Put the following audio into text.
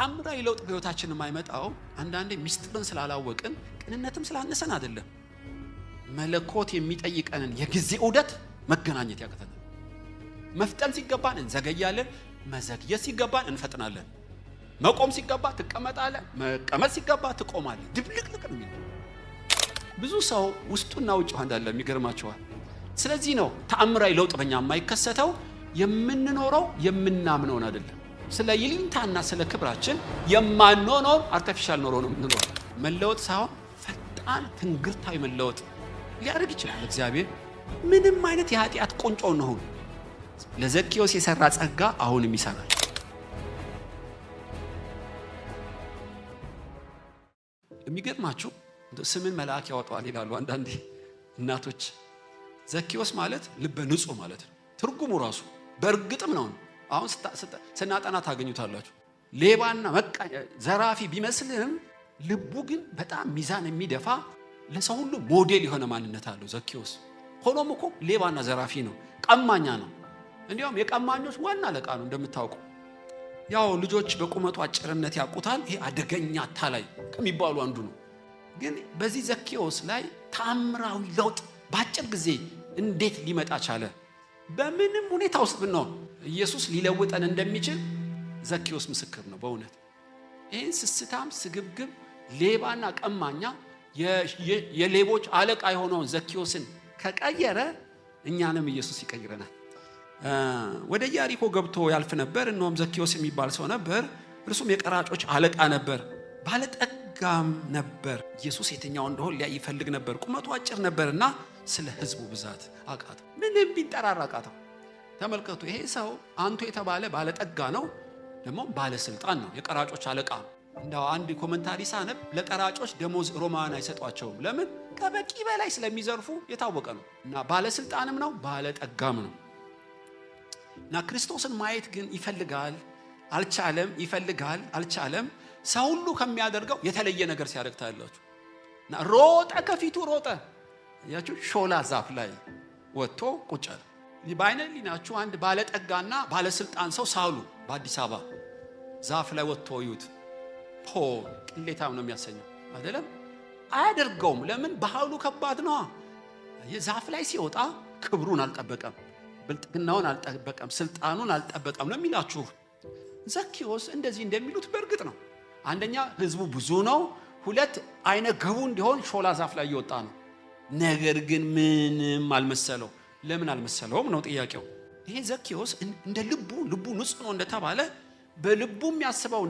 ታምራዊ ለውጥ በህይወታችን የማይመጣው አንዳንዴ ሚስጥርን ስላላወቅን ቅንነትም ስላነሰን አይደለም። መለኮት የሚጠይቀንን የጊዜ ዑደት መገናኘት ያቅተናል። መፍጠን ሲገባን እንዘገያለን። መዘግየት ሲገባን እንፈጥናለን። መቆም ሲገባ ትቀመጣለህ፣ መቀመጥ ሲገባ ትቆማለህ። ድብልቅልቅ ነው። ብዙ ሰው ውስጡና ውጭ እንዳለ የሚገርማቸዋል። ስለዚህ ነው ተአምራዊ ለውጥ በኛ የማይከሰተው፣ የምንኖረው የምናምነውን አይደለም። ስለ ይልኝታና ስለ ክብራችን የማንሆነው አርቲፊሻል ኖሮ ነው የምንኖር። መለወጥ ሳይሆን ፈጣን ትንግርታዊ መለወጥ ሊያደርግ ይችላል እግዚአብሔር። ምንም አይነት የኃጢአት ቁንጮ እንሁን፣ ለዘኪዮስ የሰራ ጸጋ አሁንም ይሰራል። የሚገርማችሁ ስምን መልአክ ያወጣዋል ይላሉ አንዳንዴ እናቶች። ዘኪዎስ ማለት ልበ ንጹህ ማለት ነው። ትርጉሙ ራሱ በእርግጥም ነው። አሁን ስናጠና ታገኙታላችሁ። ሌባና መቃ ዘራፊ ቢመስልህም ልቡ ግን በጣም ሚዛን የሚደፋ ለሰው ሁሉ ሞዴል የሆነ ማንነት አለው ዘኪዎስ። ሆኖም እኮ ሌባና ዘራፊ ነው፣ ቀማኛ ነው። እንዲያውም የቀማኞች ዋና አለቃ ነው እንደምታውቀው። ያው ልጆች በቁመቱ አጭርነት ያውቁታል። ይሄ አደገኛ አታላይ ከሚባሉ አንዱ ነው። ግን በዚህ ዘኪዎስ ላይ ታምራዊ ለውጥ በአጭር ጊዜ እንዴት ሊመጣ ቻለ? በምንም ሁኔታ ውስጥ ብንሆን ኢየሱስ ሊለውጠን እንደሚችል ዘኪዎስ ምስክር ነው። በእውነት ይህን ስስታም፣ ስግብግብ፣ ሌባና ቀማኛ የሌቦች አለቃ የሆነውን ዘኪዎስን ከቀየረ እኛንም ኢየሱስ ይቀይረናል። ወደ ኢያሪኮ ገብቶ ያልፍ ነበር። እነሆም ዘኪዎስ የሚባል ሰው ነበር፣ እርሱም የቀራጮች አለቃ ነበር፣ ባለጠጋም ነበር። ኢየሱስ የትኛው እንደሆን ሊያይ ይፈልግ ነበር። ቁመቱ አጭር ነበርና ስለ ህዝቡ ብዛት አቃተው። ምንም ቢንጠራራ አቃተው። ተመልከቱ፣ ይሄ ሰው አንቱ የተባለ ባለጠጋ ነው፣ ደግሞ ባለስልጣን ነው፣ የቀራጮች አለቃ ነው። እንደው አንድ ኮመንታሪ ሳነብ ለቀራጮች ደሞዝ ሮማን አይሰጧቸውም። ለምን? ከበቂ በላይ ስለሚዘርፉ የታወቀ ነው። እና ባለስልጣንም ነው ባለጠጋም ነው። እና ክርስቶስን ማየት ግን ይፈልጋል፣ አልቻለም፣ ይፈልጋል፣ አልቻለም። ሰው ሁሉ ከሚያደርገው የተለየ ነገር ሲያደርግ ታያላችሁ። ሮጠ፣ ከፊቱ ሮጠ። እያችሁ ሾላ ዛፍ ላይ ወጥቶ ቁጭ አለ። በአይነ ሊናችሁ አንድ ባለጠጋና ባለስልጣን ሰው ሳሉ በአዲስ አበባ ዛፍ ላይ ወጥቶ እዩት። ፖ ቅሌታም ነው የሚያሰኘው አይደለም። አያደርገውም። ለምን? ባህሉ ከባድ ነዋ። ዛፍ ላይ ሲወጣ ክብሩን አልጠበቀም፣ ብልጥግናውን አልጠበቀም፣ ስልጣኑን አልጠበቀም ነው የሚላችሁ። ዘኪዎስ እንደዚህ እንደሚሉት በእርግጥ ነው። አንደኛ ህዝቡ ብዙ ነው፣ ሁለት አይነ ግቡ እንዲሆን ሾላ ዛፍ ላይ እየወጣ ነው። ነገር ግን ምንም አልመሰለው። ለምን አልመሰለውም ነው ጥያቄው። ይሄ ዘኬዎስ እንደ ልቡ ልቡ ንጹህ ነው እንደተባለ በልቡ የሚያስበውና